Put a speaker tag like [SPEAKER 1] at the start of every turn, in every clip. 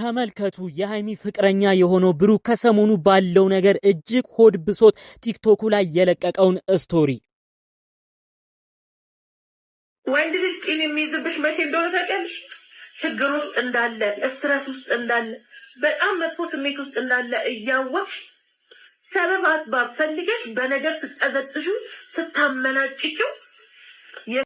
[SPEAKER 1] ተመልከቱ የሀይሚ ፍቅረኛ የሆነው ብሩክ ከሰሞኑ ባለው ነገር እጅግ ሆድ ብሶት ቲክቶኩ ላይ የለቀቀውን ስቶሪ
[SPEAKER 2] ወንድ ልጅ ቂም የሚይዝብሽ መቼ እንደሆነ ታውቂያለሽ? ችግር ውስጥ እንዳለ፣ ስትረስ ውስጥ እንዳለ፣ በጣም መጥፎ ስሜት ውስጥ እንዳለ እያወቅሽ ሰበብ አስባብ ፈልገሽ በነገር ስጠዘጥሹ ስታመናጭቂው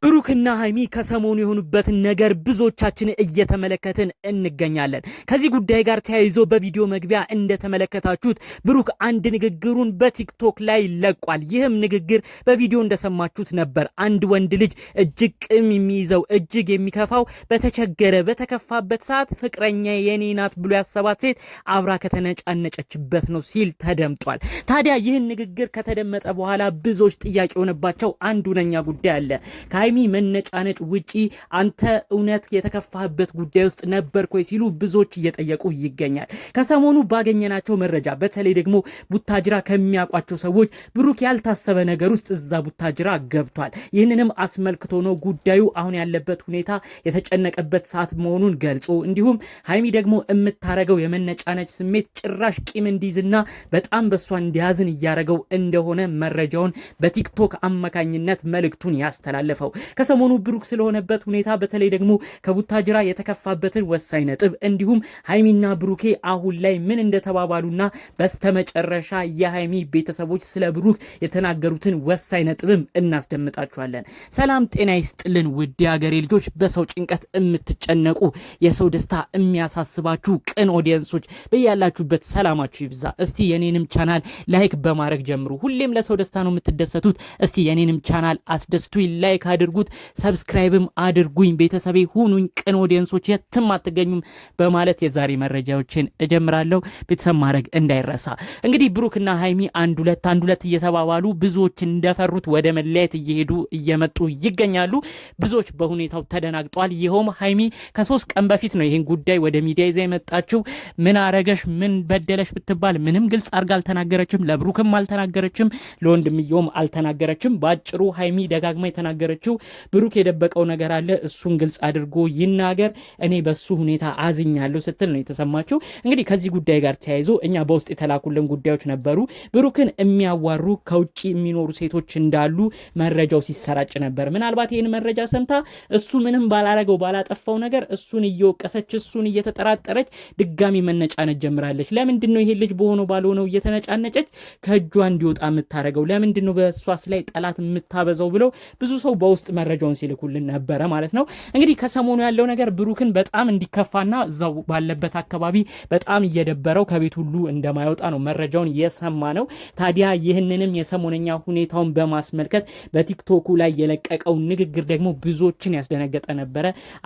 [SPEAKER 1] ብሩክና ሀይሚ ከሰሞኑ የሆኑበትን ነገር ብዙዎቻችን እየተመለከትን እንገኛለን። ከዚህ ጉዳይ ጋር ተያይዞ በቪዲዮ መግቢያ እንደተመለከታችሁት ብሩክ አንድ ንግግሩን በቲክቶክ ላይ ለቋል። ይህም ንግግር በቪዲዮ እንደሰማችሁት ነበር። አንድ ወንድ ልጅ እጅግ ቅም የሚይዘው እጅግ የሚከፋው በተቸገረ በተከፋበት ሰዓት ፍቅረኛ የኔ ናት ብሎ ያሰባት ሴት አብራ ከተነጫነጨችበት ነው ሲል ተደምጧል። ታዲያ ይህን ንግግር ከተደመጠ በኋላ ብዙዎች ጥያቄ የሆነባቸው አንድ ሁነኛ ጉዳይ አለ። ከሀይሚ መነጫነጭ ውጪ አንተ እውነት የተከፋህበት ጉዳይ ውስጥ ነበር ወይ ሲሉ ብዙዎች እየጠየቁ ይገኛል። ከሰሞኑ ባገኘናቸው መረጃ በተለይ ደግሞ ቡታጅራ ከሚያውቋቸው ሰዎች ብሩክ ያልታሰበ ነገር ውስጥ እዛ ቡታጅራ ገብቷል። ይህንንም አስመልክቶ ነው ጉዳዩ አሁን ያለበት ሁኔታ የተጨነቀበት ሰዓት መሆኑን ገልጾ እንዲሁም ሀይሚ ደግሞ የምታረገው የመነጫነጭ ስሜት ጭራሽ ቂም እንዲይዝና በጣም በሷ እንዲያዝን እያረገው እንደሆነ መረጃውን በቲክቶክ አማካኝነት መልእክቱን ያስተላለፍ ያለፈው። ከሰሞኑ ብሩክ ስለሆነበት ሁኔታ በተለይ ደግሞ ከቡታጅራ የተከፋበትን ወሳኝ ነጥብ እንዲሁም ሀይሚና ብሩኬ አሁን ላይ ምን እንደተባባሉና በስተመጨረሻ የሀይሚ ቤተሰቦች ስለ ብሩክ የተናገሩትን ወሳኝ ነጥብም እናስደምጣችኋለን። ሰላም ጤና ይስጥልን ውድ የአገሬ ልጆች፣ በሰው ጭንቀት የምትጨነቁ የሰው ደስታ የሚያሳስባችሁ ቅን ኦዲየንሶች በያላችሁበት ሰላማችሁ ይብዛ። እስቲ የኔንም ቻናል ላይክ በማድረግ ጀምሩ። ሁሌም ለሰው ደስታ ነው የምትደሰቱት። እስቲ የኔንም ቻናል አስደስቱኝ፣ ላይክ ላይክ አድርጉት፣ ሰብስክራይብም አድርጉኝ። ቤተሰቤ ሁኑኝ። ቅን ኦዲየንሶች የትም አትገኙም በማለት የዛሬ መረጃዎችን እጀምራለሁ። ቤተሰብ ማድረግ እንዳይረሳ። እንግዲህ ብሩክና ሀይሚ አንድ ሁለት አንድ ሁለት እየተባባሉ ብዙዎች እንደፈሩት ወደ መለያየት እየሄዱ እየመጡ ይገኛሉ። ብዙዎች በሁኔታው ተደናግጧል። ይኸውም ሀይሚ ከሶስት ቀን በፊት ነው ይህን ጉዳይ ወደ ሚዲያ ይዛ የመጣችው። ምን አረገሽ ምን በደለሽ ብትባል ምንም ግልጽ አድርጋ አልተናገረችም። ለብሩክም አልተናገረችም፣ ለወንድምየውም አልተናገረችም። በአጭሩ ሀይሚ ደጋግማ የተናገ የተናገረችው ብሩክ የደበቀው ነገር አለ፣ እሱን ግልጽ አድርጎ ይናገር፣ እኔ በሱ ሁኔታ አዝኛለሁ ስትል ነው የተሰማችው። እንግዲህ ከዚህ ጉዳይ ጋር ተያይዞ እኛ በውስጥ የተላኩልን ጉዳዮች ነበሩ። ብሩክን የሚያዋሩ ከውጭ የሚኖሩ ሴቶች እንዳሉ መረጃው ሲሰራጭ ነበር። ምናልባት ይህን መረጃ ሰምታ እሱ ምንም ባላረገው ባላጠፋው ነገር እሱን እየወቀሰች እሱን እየተጠራጠረች ድጋሚ መነጫነጭ ጀምራለች። ለምንድን ነው ይሄ ልጅ በሆነው ባልሆነው እየተነጫነጨች ከእጇ እንዲወጣ የምታደርገው? ለምንድን ነው በእሷስ ላይ ጠላት የምታበዛው? ብለው ብዙ ሰው ሰው በውስጥ መረጃውን ሲልኩልን ነበረ ማለት ነው። እንግዲህ ከሰሞኑ ያለው ነገር ብሩክን በጣም እንዲከፋና እዛው ባለበት አካባቢ በጣም እየደበረው ከቤት ሁሉ እንደማይወጣ ነው መረጃውን የሰማ ነው። ታዲያ ይህንንም የሰሞነኛ ሁኔታውን በማስመልከት በቲክቶኩ ላይ የለቀቀው ንግግር ደግሞ ብዙዎችን ያስደነገጠ ነበረ።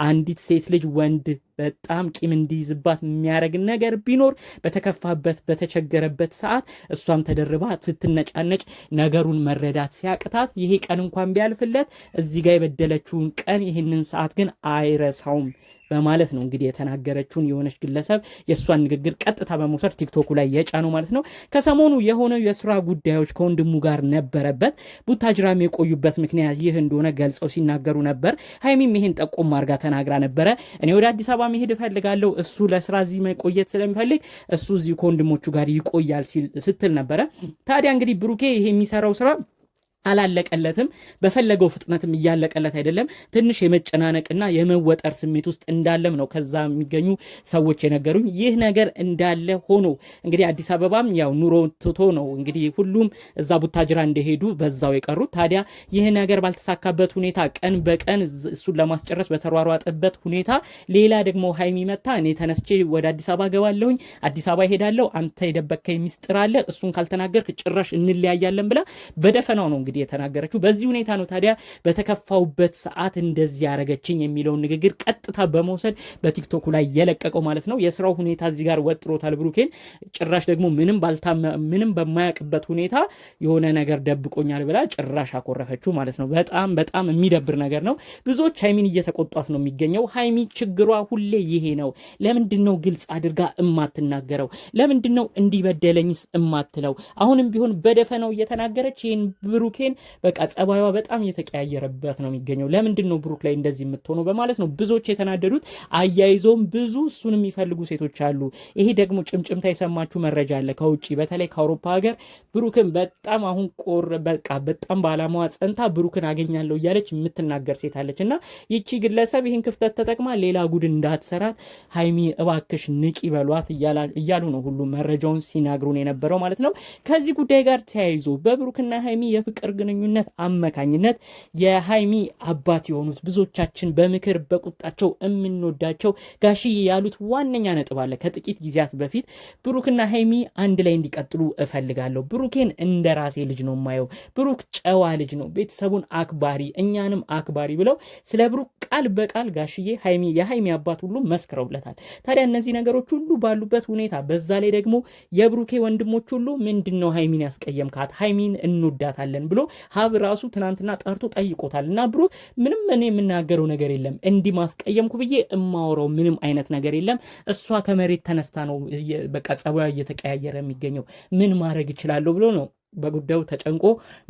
[SPEAKER 1] አንዲት ሴት ልጅ ወንድ በጣም ቂም እንዲይዝባት የሚያደርግ ነገር ቢኖር በተከፋበት በተቸገረበት ሰዓት እሷም ተደርባ ስትነጫነጭ ነገሩን መረዳት ሲያቅታት ይሄ ቀን እንኳን ቢያልፍለት እዚህ ጋር የበደለችውን ቀን ይህንን ሰዓት ግን አይረሳውም። በማለት ነው እንግዲህ የተናገረችውን የሆነች ግለሰብ የእሷን ንግግር ቀጥታ በመውሰድ ቲክቶኩ ላይ የጫነው ማለት ነው። ከሰሞኑ የሆነው የስራ ጉዳዮች ከወንድሙ ጋር ነበረበት። ቡታጅራም የቆዩበት ምክንያት ይህ እንደሆነ ገልጸው ሲናገሩ ነበር። ሀይሚም ይህን ጠቆም አድርጋ ተናግራ ነበረ። እኔ ወደ አዲስ አበባ መሄድ እፈልጋለሁ፣ እሱ ለስራ እዚህ መቆየት ስለሚፈልግ እሱ እዚህ ከወንድሞቹ ጋር ይቆያል ስትል ነበረ። ታዲያ እንግዲህ ብሩኬ ይሄ የሚሰራው ስራ አላለቀለትም። በፈለገው ፍጥነትም እያለቀለት አይደለም። ትንሽ የመጨናነቅና የመወጠር ስሜት ውስጥ እንዳለም ነው ከዛ የሚገኙ ሰዎች የነገሩኝ። ይህ ነገር እንዳለ ሆኖ እንግዲህ አዲስ አበባም ያው ኑሮ ትቶ ነው እንግዲህ ሁሉም እዛ ቡታጅራ እንደሄዱ በዛው የቀሩት። ታዲያ ይህ ነገር ባልተሳካበት ሁኔታ ቀን በቀን እሱን ለማስጨረስ በተሯሯጠበት ሁኔታ ሌላ ደግሞ ሀይሚ መታ እኔ ተነስቼ ወደ አዲስ አበባ ገባለሁኝ፣ አዲስ አበባ ሄዳለሁ፣ አንተ የደበከኝ ሚስጥር አለ እሱን ካልተናገርክ ጭራሽ እንለያያለን ብላ በደፈናው ነው እንግዲህ እንግዲህ የተናገረችው በዚህ ሁኔታ ነው። ታዲያ በተከፋውበት ሰዓት እንደዚህ ያደረገችኝ የሚለውን ንግግር ቀጥታ በመውሰድ በቲክቶኩ ላይ የለቀቀው ማለት ነው። የስራው ሁኔታ እዚህ ጋር ወጥሮታል ብሩኬን። ጭራሽ ደግሞ ምንም ባልታመ ምንም በማያውቅበት ሁኔታ የሆነ ነገር ደብቆኛል ብላ ጭራሽ አኮረፈችው ማለት ነው። በጣም በጣም የሚደብር ነገር ነው። ብዙዎች ሀይሚን እየተቆጧት ነው የሚገኘው። ሀይሚ ችግሯ ሁሌ ይሄ ነው። ለምንድን ነው ግልጽ አድርጋ እማትናገረው? ለምንድን ነው እንዲበደለኝስ እማትለው? አሁንም ቢሆን በደፈነው እየተናገረች ይህን ብሩኬ ሴን በቃ ጸባይዋ በጣም እየተቀያየረበት ነው የሚገኘው። ለምንድን ነው ብሩክ ላይ እንደዚህ የምትሆነው በማለት ነው ብዙዎች የተናደዱት። አያይዘውም ብዙ እሱን የሚፈልጉ ሴቶች አሉ። ይሄ ደግሞ ጭምጭምታ የሰማችሁ መረጃ አለ ከውጭ በተለይ ከአውሮፓ ሀገር ብሩክን በጣም አሁን ቆር በቃ በጣም በአላማዋ ጸንታ ብሩክን አገኛለሁ እያለች የምትናገር ሴት አለች እና ይቺ ግለሰብ ይህን ክፍተት ተጠቅማ ሌላ ጉድ እንዳትሰራት ሀይሚ እባክሽ ንቂ በሏት እያሉ ነው ሁሉ መረጃውን ሲናግሩን የነበረው ማለት ነው። ከዚህ ጉዳይ ጋር ተያይዞ በብሩክና ሀይሚ የፍቅር በፍቅር ግንኙነት አማካኝነት የሀይሚ አባት የሆኑት ብዙዎቻችን በምክር በቁጣቸው የምንወዳቸው ጋሽዬ ያሉት ዋነኛ ነጥብ አለ። ከጥቂት ጊዜያት በፊት ብሩክና ሀይሚ አንድ ላይ እንዲቀጥሉ እፈልጋለሁ። ብሩኬን እንደ ራሴ ልጅ ነው የማየው። ብሩክ ጨዋ ልጅ ነው፣ ቤተሰቡን አክባሪ፣ እኛንም አክባሪ ብለው ስለ ብሩክ ቃል በቃል ጋሽዬ ሀይሚ የሀይሚ አባት ሁሉ መስክረውለታል። ታዲያ እነዚህ ነገሮች ሁሉ ባሉበት ሁኔታ በዛ ላይ ደግሞ የብሩኬ ወንድሞች ሁሉ ምንድን ነው ሀይሚን ያስቀየምካት? ሀይሚን እንወዳታለን ብሎ ብሎ ሀብ ራሱ ትናንትና ጠርቶ ጠይቆታል። እና ብሩክ ምንም እኔ የምናገረው ነገር የለም እንዲህ ማስቀየምኩ ብዬ የማወራው ምንም አይነት ነገር የለም። እሷ ከመሬት ተነስታ ነው በቃ ጸባዩ እየተቀያየረ የሚገኘው ምን ማድረግ ይችላለሁ ብሎ ነው በጉዳዩ ተጨንቆ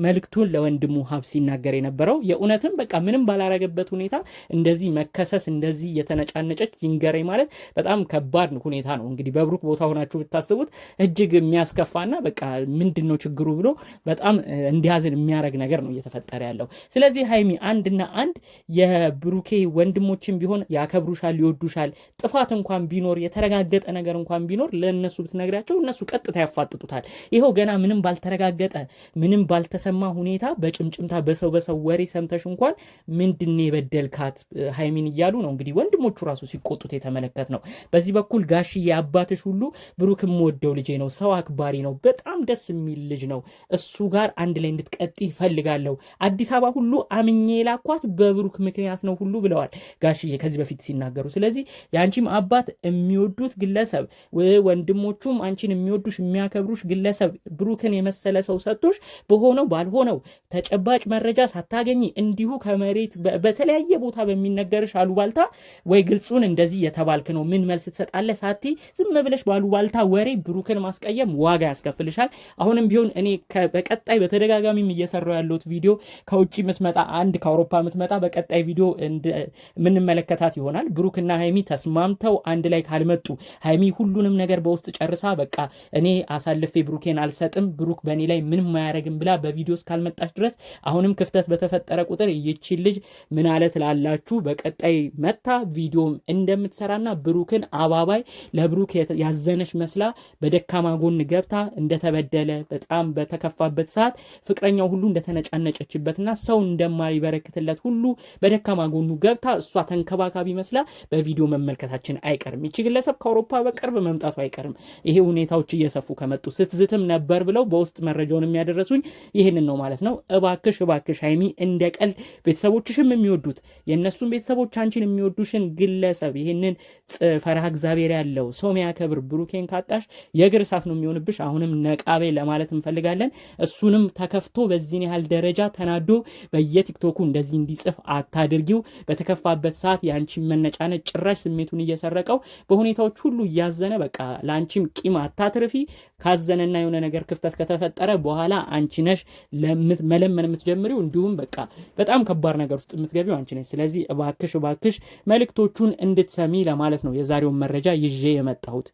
[SPEAKER 1] መልእክቱን ለወንድሙ ሀብ ሲናገር የነበረው የእውነትም በቃ ምንም ባላረገበት ሁኔታ እንደዚህ መከሰስ እንደዚህ የተነጫነጨች ይንገረኝ ማለት በጣም ከባድ ሁኔታ ነው። እንግዲህ በብሩክ ቦታ ሆናችሁ ብታስቡት እጅግ የሚያስከፋና በቃ ምንድን ነው ችግሩ ብሎ በጣም እንዲያዝን የሚያደርግ ነገር ነው እየተፈጠረ ያለው። ስለዚህ ሀይሚ አንድና አንድ የብሩኬ ወንድሞችን ቢሆን ያከብሩሻል፣ ይወዱሻል። ጥፋት እንኳን ቢኖር የተረጋገጠ ነገር እንኳን ቢኖር ለእነሱ ብትነግሪያቸው እነሱ ቀጥታ ያፋጥጡታል። ይኸው ገና ምንም ባልተረጋገ ባልተረጋገጠ ምንም ባልተሰማ ሁኔታ በጭምጭምታ በሰው በሰው ወሬ ሰምተሽ እንኳን ምንድን የበደልካት ሀይሚን እያሉ ነው እንግዲህ ወንድሞቹ ራሱ ሲቆጡት የተመለከት ነው። በዚህ በኩል ጋሽዬ አባትሽ ሁሉ ብሩክ የምወደው ልጄ ነው፣ ሰው አክባሪ ነው፣ በጣም ደስ የሚል ልጅ ነው። እሱ ጋር አንድ ላይ እንድትቀጥ ይፈልጋለሁ። አዲስ አበባ ሁሉ አምኜ የላኳት በብሩክ ምክንያት ነው ሁሉ ብለዋል ጋሽዬ ከዚህ በፊት ሲናገሩ። ስለዚህ የአንቺም አባት የሚወዱት ግለሰብ፣ ወንድሞቹም አንቺን የሚወዱሽ የሚያከብሩሽ ግለሰብ ብሩክን የመሰለ ሰው ሰጥቶሽ በሆነው ባልሆነው ተጨባጭ መረጃ ሳታገኝ እንዲሁ ከመሬት በተለያየ ቦታ በሚነገርሽ አሉባልታ ወይ ግልጹን እንደዚህ የተባልክ ነው ምን መልስ ትሰጣለህ ሳቲ ዝም ብለሽ ባሉባልታ ወሬ ብሩክን ማስቀየም ዋጋ ያስከፍልሻል። አሁንም ቢሆን እኔ በቀጣይ በተደጋጋሚም እየሰራው ያለሁት ቪዲዮ ከውጭ የምትመጣ አንድ ከአውሮፓ የምትመጣ በቀጣይ ቪዲዮ የምንመለከታት ይሆናል። ብሩክና ሀይሚ ተስማምተው አንድ ላይ ካልመጡ ሀይሚ ሁሉንም ነገር በውስጥ ጨርሳ በቃ እኔ አሳልፌ ብሩኬን አልሰጥም ብሩክ በእኔ ላይ ምንም አያደርግም ብላ በቪዲዮ እስካልመጣች ድረስ አሁንም ክፍተት በተፈጠረ ቁጥር ይቺን ልጅ ምን አለ ትላላችሁ? በቀጣይ መታ ቪዲዮም እንደምትሰራና ብሩክን አባባይ ለብሩክ ያዘነች መስላ በደካማ ጎን ገብታ እንደተበደለ በጣም በተከፋበት ሰዓት ፍቅረኛው ሁሉ እንደተነጫነጨችበትና ሰው እንደማይበረክትለት ሁሉ በደካማ ጎኑ ገብታ እሷ ተንከባካቢ መስላ በቪዲዮ መመልከታችን አይቀርም። ይቺ ግለሰብ ከአውሮፓ በቅርብ መምጣቱ አይቀርም። ይሄ ሁኔታዎች እየሰፉ ከመጡ ስትዝትም ነበር ብለው በውስጥ መረጃውን የሚያደረሱኝ ይህንን ነው ማለት ነው። እባክሽ እባክሽ ሀይሚ እንደ ቀልድ ቤተሰቦችሽም የሚወዱት የእነሱን ቤተሰቦች አንቺን የሚወዱሽን ግለሰብ ይህንን ፈርሃ እግዚአብሔር ያለው ሰው ሚያከብር ብሩኬን ካጣሽ የእግር እሳት ነው የሚሆንብሽ። አሁንም ነቃቤ ለማለት እንፈልጋለን። እሱንም ተከፍቶ በዚህን ያህል ደረጃ ተናዶ በየቲክቶኩ እንደዚህ እንዲጽፍ አታድርጊው። በተከፋበት ሰዓት የአንቺን መነጫነት ጭራሽ ስሜቱን እየሰረቀው በሁኔታዎች ሁሉ እያዘነ በቃ ለአንቺም ቂም አታትርፊ። ካዘነና የሆነ ነገር ክፍተት ከተፈጠረ ከተፈጠረ በኋላ አንቺ ነሽ መለመን የምትጀምሪው፣ እንዲሁም በቃ በጣም ከባድ ነገር ውስጥ የምትገቢው አንቺ ነሽ። ስለዚህ እባክሽ እባክሽ መልእክቶቹን እንድትሰሚ ለማለት ነው የዛሬውን መረጃ ይዤ የመጣሁት።